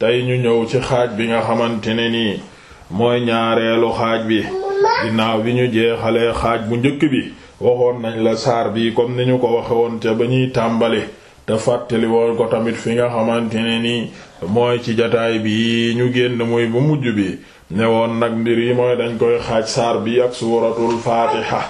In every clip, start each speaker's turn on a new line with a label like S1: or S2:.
S1: tey ñu ñëw ci xaaj bi nga xamante ne nii mooy ñaareelu xaaj bi ginnaaw bi ñu jeexalee xaaj bu njëkk bi waxoon nañ la saar bi comme ni ñu ko waxe woon ba ñuy tàmbali te fàttali woon ko tamit fi nga xamante ne nii mooy ci jataay bi ñu génn muy bu mujj bi ne woon nag mbir yi mooy dañ koy xaaj saar bi ak suuratul faatiha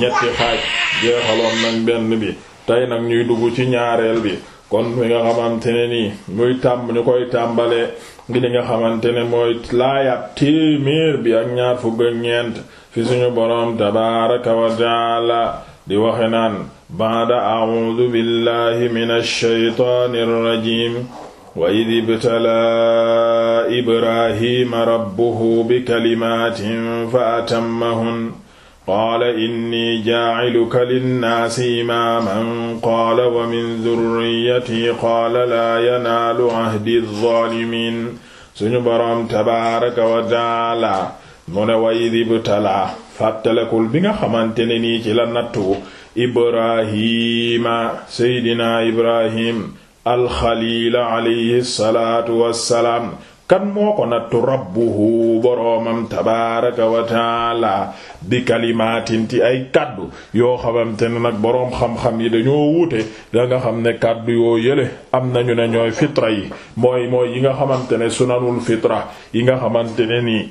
S1: ñetti xaaj jeexaloon nañ benn bi tey nag ñuy dugg ci ñaareel bi kon mi nga xamante ne muy tàmb ñu koy tàmbalee ngi li nga xamante ne mooy laayab téeméer bi ak ñaar fukk ak ñeent fi suñu boroom tabaaraka wa taala di waxe naan baada a'uudu billahi minash shaytaanir rajiim wa id ibtalaa ibrahima rabbuhu bi kalimaatin fa qaala inni jaaciluka linnaasi imaaman qaala wa min durriyatii qaala laa yanaalu ahdi zaalimiin suñu boroom tabaaraka wa taala mu ne wa id ibtalaa fàttalekul bi nga xamante ne nii ci la nattu ibrahima seydinaa ibrahim alxaliila alayhi salaatu wassalaam kan moo ko nattu rabbuhu boroomam tabaaraka wa taala bi kalimaatin ay kàddu yoo xamante ne nag boroom xam-xam yi dañoo wuute da nga xam ne kàddu yoo yële am nañu ne ñooy fitra yi mooy mooy yi nga xamante ne sunanul fitra yi nga xamante ne nii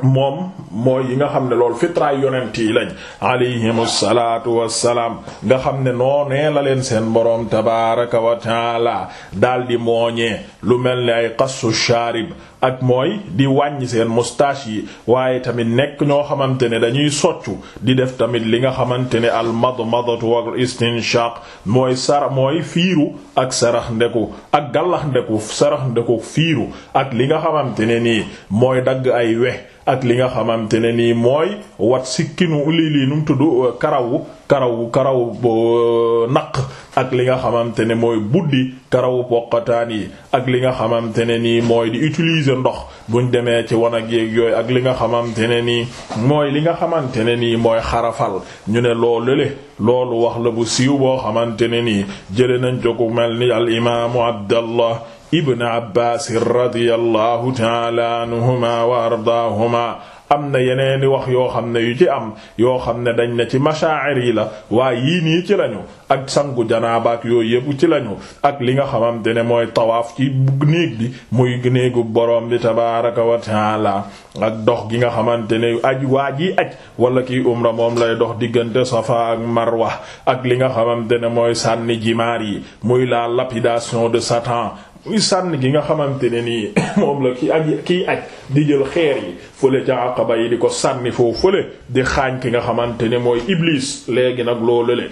S1: moom mooy yi nga xam ne loolu fitraay yonent yi lañ alayhimu salaatu wassalaam nga xam ne noonee la leen seen boroom tabaaraka wa taala daldi mooñe lu mel ni ay qassu shaarib ak mooy di wàññi seen moustache yi waaye tamit nekk ñoo xamante ne dañuy soccu di def tamit li nga xamante ne al madmadatu wal istinshaq mooy sara mooy fiiru ak sarax ndeku ak gàllax ndeku sarax ndeku fiiru ak li nga xamante ne nii mooy dagg ay we ak li nga xamante ne nii mooy wat sikkinu lii lii nu mu tudd euh, karawu karawu karawu euh, naq ak li nga xamante ne mooy buddi karawu poqataan yi ak li nga xamante ne nii mooy di utiliser ndox buñ demee ci wanag yeeg yooyu ak li nga xamante ne nii mooy li nga xamante ne nii mooy xarafal ñu ne loo le loolu wax la bu siiw boo xamante ne nii jële nañ jogu mel ni al imaamu abdallah ibn abbaas radiyallahu taala anhuma wa ardaahuma am na yeneeni wax yoo xam ne yu ci am yoo xam ne dañ ne ci mashaa'ir yi la waaye yii nii ci lañu ak sangu janaaba yooyu yëpp ci lañu ak li nga xamante ne mooy tawaaf ci néeg bi muy néegu boroom bi tabaaraka wa la ak dox gi nga xamante ne aj waa ji aj wala kiy umra moom lay dox diggante safa ak marwa ak li nga xamante ne mooy sànni jimaar yi muy la lapidation de Satan muy sànni gi nga xamante ne nii moom la ki aj kiy aj di jël xeer yi fële ca Aqaba yi di ko sànni foofu fële di xaañ ki nga xamante ne mooy Iblis léegi nag loolu le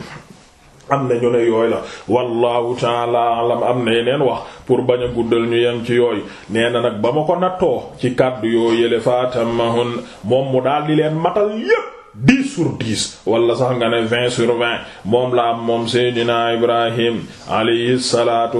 S1: am na ñu ne yooyu la wallahu taala alam am na yeneen wax pour bañ a guddal ñu yem ci yooyu nee na nag ba ma ko nattoo ci kàddu yoo yële faatamahun moom mu daal di leen matal yépp dix sur dix wala sax nga ne vingt sur vingt moom la am moom seydina Ibrahim alayhi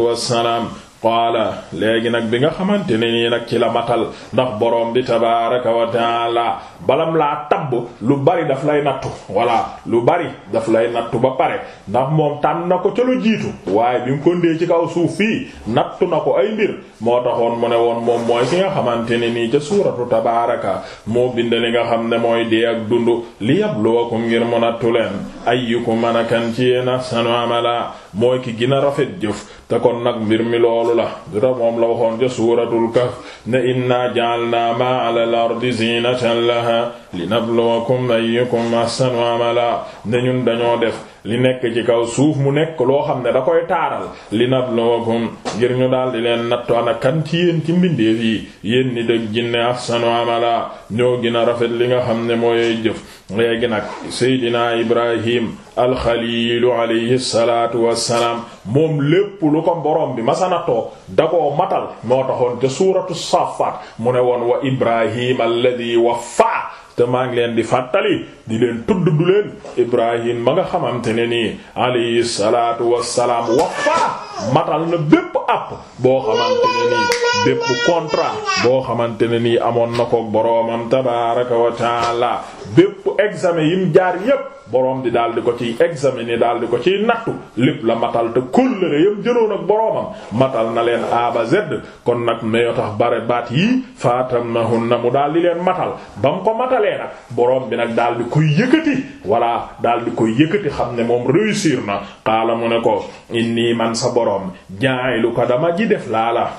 S1: wassalaam qaala léegi nag bi nga xamante ne nii nag ci la matal ndax borom bi tabaraka wa taala balam laa tabb lu bari daf lay nattu walla lu bari daf lay nattu ba pare ndax moom tànn na ko ca lu jiitu waaye bi mu ko ndee ci kaw suuf fii nattu na ko ay mbir moo taxoon mu ne woon moom mooy ki nga xamante ne nii ca suuratu tabaraka moo bind li nga xam ne mooy dee ak dund li yabluwakum ngir mu nattu leen ayyukum man kan ci ahsanu amala mooy ki gën a rafet jëf te kon nag mbir mi loolu la du tax moom la waxoon ca suuratul kaf ne inna ja'alna ma 'ala al-ardi zinatan laha linabluwakum ayyukum ahsanu amala ne ñun dañoo def li nekk ci kaw suuf mu nekk loo xam ne da koy taaral li nabluwakum ngir ñu daal di leen nattu ana kan ci yéen ci mbindeef yi jinne ahsanu amala ñoo gën a rafet li nga xam ne mooy jëf léegi nag seydina ibrahim alxaliilu alayhi salaatu wassalaam moom lépp lu ko borom bi masanatoo da koo matal moo taxoon te suuratu saafaat mu ne woon wa ibrahim alladi wafa te maa ngi leen di fàttali di leen tudd du leen ibrahim ba nga xamante ne nii alayhi salaatu wassalaam wafa matal na bépp àpp boo xamante ne nii bépp contrat boo xamante ne nii amoon na ko boroomam tabaaraka wa taala bépp examen yim jaar yépp boroom di daal di ko ciy examiner daal di ko ciy nattu lépp la matal te kóllëre yam jënoon ak boroomam matal na leen aaba ba Z kon nag meyo tax bare baat yii na mu daal di leen matal ba mu ko matalee nag boroom bi nag daal di koy yëkkati walla daal koy yëkkati xam ne moom réussir na xaala mu ne ko inni man sa boroom jaayilu muqaddam ji def laa la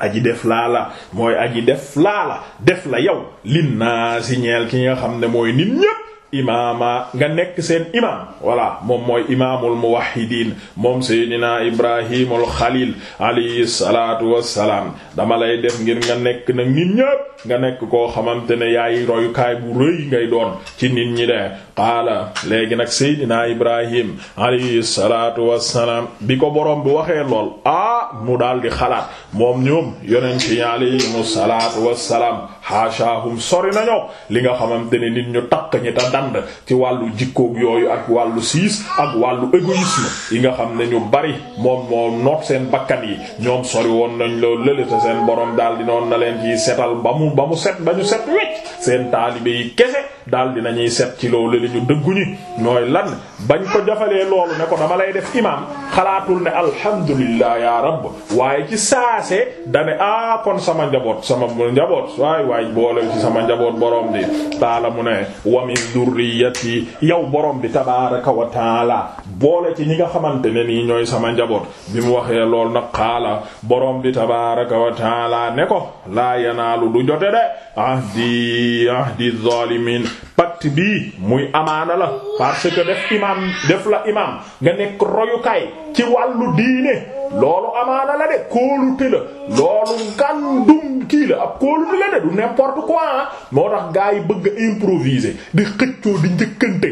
S1: aji def laa la mooy aji def laa la def la yow lin linnaasi ñeel ki nga xam ne mooy nit ñépp imaama nga nekk seen imaam voilà moom mooy imaamul muwahhidiin moom seydinaa ibrahimul xalil alayhi salaatu wassalaam dama lay def ngir nga nekk nag nit ñépp nga nekk koo xamante ne yaay royukaay bu rëy ngay doon ci nit ñi de qaala léegi nag seydinaa ibrahim alayhi salaatu wassalaam bi ko borom bi waxee lool ah mu daal di xalaat moom ñoom yonent yi alayhimu salaatu wassalaam haashaahum sori nañoo li nga xamante ne nit ñu takk ñi ta dànd ci wàllu jikkoog yooyu ak wàllu siis ak wàllu égoïsme yi nga xam ne ñu bari moom moo noot seen bakkan yi ñoom sori woon nañ loolu lële te seen borom daal di noon na leen ciy setal ba mu ba mu set ba ñu set wecc seen taalibe yi kese daal di nañuy set ci loo li ñu dëgguñu ñooy lan bañ ko jafalee loolu ne ko dama lay def imaam xalaatul ne alhamdulillah rabb waaye ci saase dane a ah, kon sama njaboot sama njaboot waay waay boole ci sama njaboot borom bi taala mu ne wa min durriyati yow borom bi tabaraka wa taala boole ci ñi nga xamante ne nii ñooy sama njaboot bi mu waxee lool na xaala borom bi tabaraka wa taala ne ko laa yanaalu du jote de ahdi ahdi zalimin pacte bii muy amaana la parce que def imam def la imam nga nekk royukaay ci wàllu diine loolu amaana la de kóolute la loolu ngandum kii la ab kóolute la de du n'importe quoi ah. moo tax gaa yi bëgg a improviser di xëccoo di njëkkante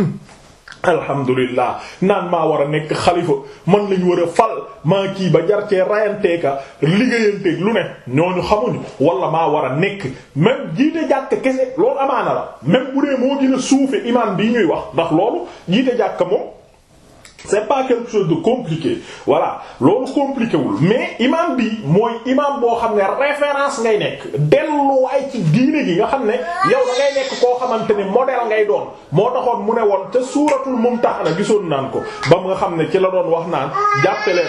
S1: alhamdulillah naan maa war a nekk xalifa man lañ war a fal maa kii ba jar cee rayanteeka liggéeyanteeg lu ne ñooñu xamuñu wala maa war a nekk même jiite jàkk kese loolu amaana la même bu dee moo gën suufe imaam bii ñuy wax ndax loolu jiite jàkk moom c'est pas quelque chose de compliqué voilà loolu compliqué wul mais imam bi mooy imam boo xam ne référence ngay nekk delluwaay ci diine gi nga xam ne yow da nekk koo xamante ne modèle ngay doon moo taxoon mu ne woon te suuratul mumtahana gisoon naan ko ba mu nga xam ne ci la doon wax naan jàppale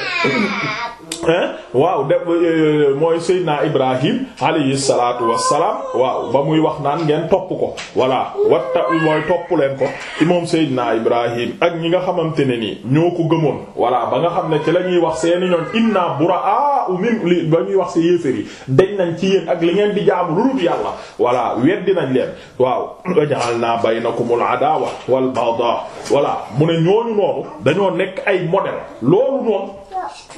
S1: waaw de euh, euh, mooy Seydina Ibrahim alayhi salaatu wassalaam waaw ba muy wax naan ngeen topp ko voilà watta mooy topp leen ko ci moom Seydina Ibrahim ak ñi nga xamante ne nii ñoo ko gëmoon voilà ba nga xam ne ci la ñuy wax seeni ñoon inna buraa min li ba ñuy wax si yéefér yi dañ nañ ci yéen ak li ngeen di jaamu lu dul yàlla voilà weddi nañ leen waaw waja'alna baynakumul adawa wal baghdha voilà mu ne ñooñu noonu dañoo nekk ay modèle loolu noonu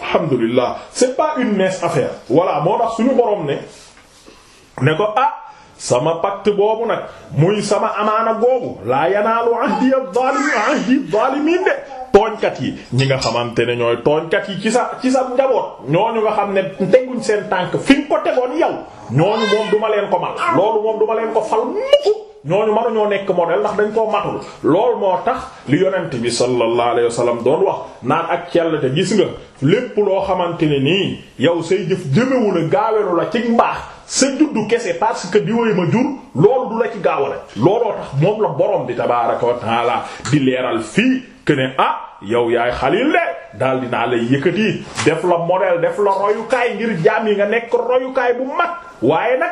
S1: alhamdulillah c'est pas une mince affaire voilà moo tax suñu boroom ne ne ko ah sama pacte boobu nag muy sama amaana googu laa yanaalu ahdi adh-dhalimin ahdi adh-dhalimin de tooñkat yi ñi nga xamante ne ñooy tooñkat yi ci sa ci sa njaboot ñooñu nga xam ne teguñ seen tànk fi nga ko tegoon yow ñooñu moom duma leen ko mal loolu moom duma leen ko fal mukk ñooñu mënuñoo nekk modèle ndax dañ koo matul loolu moo tax li yonent bi sallallahu alayhi wa sallam doon wax naan ak cell te gis nga lépp loo xamante ne nii yow say jëf jëmewu la gaawelu la ci mbaax sa juddu kese parce que di woy ma jur loolu du la ci gaawale looloo tax moom la borom di tabaaraka wa taala di leeral fii kën ne ah, yow yaay xalil de daal dinaa lay yëkkati def la modèle def la royukaay ngir jaam yi nga nekk royukaay bu mat waaye nag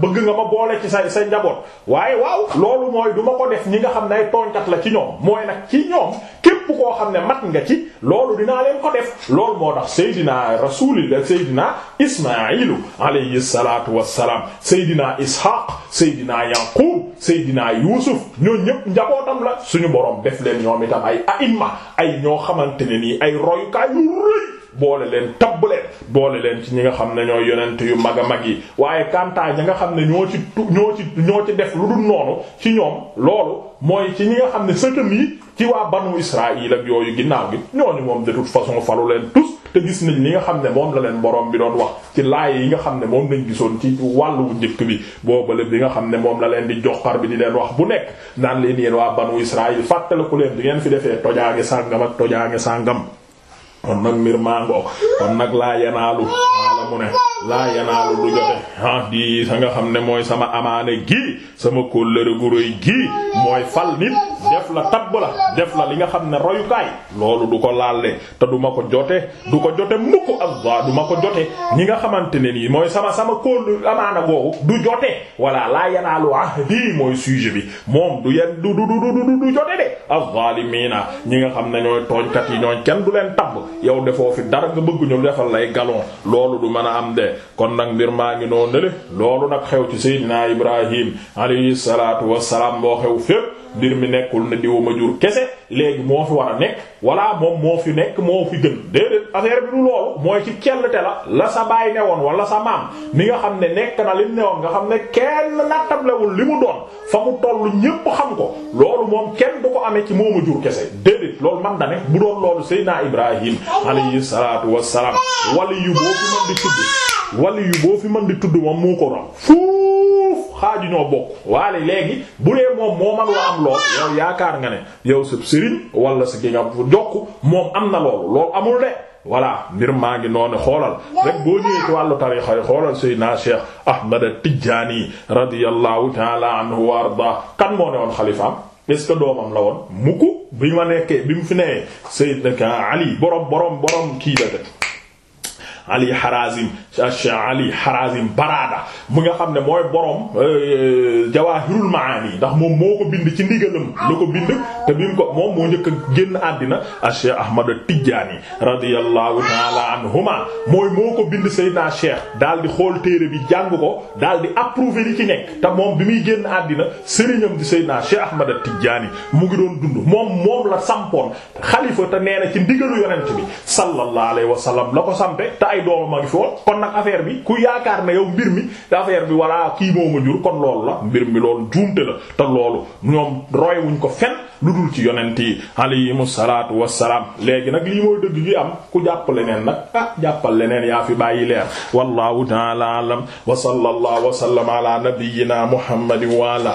S1: bëgg nga ma boole ci sa sa njaboot waaye waaw loolu mooy du ma ko def ñi nga xam ne ay tooñkat la ci ñoom mooy nag ci ñoom képp koo xam ne mat nga ci loolu dinaa leen ko def loolu moo tax Seydina Rasulillah Seydina Ismaayilu alayhi salaatu wassalaam Seydina Ishaq Seydina Yaqub Seydina Yuusuf ñoo ñëpp njabootam la suñu borom def leen ñoom itam ay aïmma ay ñoo xamante ne nii ay royukaay yu rëy boole leen tabb leen boole leen ci ñi nga xam ne ñoo yonent yu mag a mag yi waaye kantaa ñi nga xam ne ñoo ci ñoo ci ñoo ci def lu dul noonu ci ñoom loolu mooy ci ñi nga xam ne sëtam yi ci waa ban banu Israël ak yooyu ginnaaw gi ñooñu moom de toute façon falu leen tous te gis nañ li nga xam ne moom la leen borom bi doon wax ci laay yi nga xam ne moom lañ gisoon ci wàllu njëkk bi boobale bi nga xam ne moom la leen di joxar bi di leen wax bu nekk naan leen yéen waa banu Israël fàttaliku leen di ngeen fi defee tojaange sàngam ak tojaange sàngam kon nag mbir mango kon nag laa yanaalu wala mu ne laa yanaalu du jote ah di sa nga xam ne mooy sama amaane gi sama kóllëre gu rëy gi mooy fal nit def la tabb la def la li nga xam ne royukaay loolu du ko laal de te du ma ko jote du ko jote mukk azza du ma ko jote ñi nga xamante ne nii mooy sama sama kóol amaana googu du jote walla laa yanaalu ahdi mooy sujet bi moom du yen du du du du du jote de azzaalimiina ñi nga xam ne ñooy tooñkat yi ñooñ kenn du leen tabb yow defoo fi dara nga bëgg ñu defal lay galon loolu du mën a am de kon nag mbir maa ngi noo nele loolu nag xew ci Seydina Ibrahim nekkul ne ma jur kese léegi moo fi war moom moo fi nekk moo fi gën déedéet affaire bi du mooy ci kellte la la sa baay newoon wala sa maam nga xam ne nekk na lim nga xam ne kenn nattablewul li mu doon fa mu toll ñépp xam ko loolu moom kenn du ko amee ci moo ma jur kese déedéet loolu man da ne bu doon loolu Seydina Ibrahim alayhi salaatu wassalaam wali yu fi mën di tudd wali yu boo fi mën di tudd moom moo ko ram xaaju ñoo bokk waale léegi bu dee moom moo la am lool yow yaakaar nga ne yow sa sëriñ wala sa ki nga jokk moom am na loolu loolu amul de voilà mbir maa ngi noonu xoolal rek boo ñëwee ci wàllu tarixa yi xoolal Seydina Cheikh Ahmad Tidjani radiyallahu taala anhu wa arda kan moo ne woon xalifaam est-ce que doomam la woon mukk bi ma nekkee bi mu fi nee Seydina Ali borom borom borom kii de Ali Harazim Ali Harazim Barada mu nga xam ne mooy borom euh, euh, Jawahirul Maani ndax moom moo ko bind ci ndigalam la ko bind te bi ko moo njëkk génn àddina Cheikh Ahmad Tidjani radiyallahu ta'ala anhuma mooy moo ko Seydina Cheikh daal di xool téere bi jàng ko daal di approuver li ci nekk te moom bi muy génn àddina sëriñam di Seydina Cheikh Ahmad Tidjani mu ngi doon dund moom moom la sampoon xalifa te nee ci ndigalu yonent bi sallallahu alayhi la ko sampe ay doomam a ngi kon nag affaire bi ku yaakaar na yow mbir mi affaire bi walla kii moo ma jur kon loolu la mbir mi loolu juumte la te loolu ñoom roy wuñ ko fen lu dul ci yonent yi alayhimu salaatu wassalaam léegi nag lii mooy dëgg gi am ku jàpp leneen nag ah jàppal leneen yaa fi bàyyi leer wallahu ta'ala alam wa sallallahu wa sallama ala nabiyyina muhammadin wa ala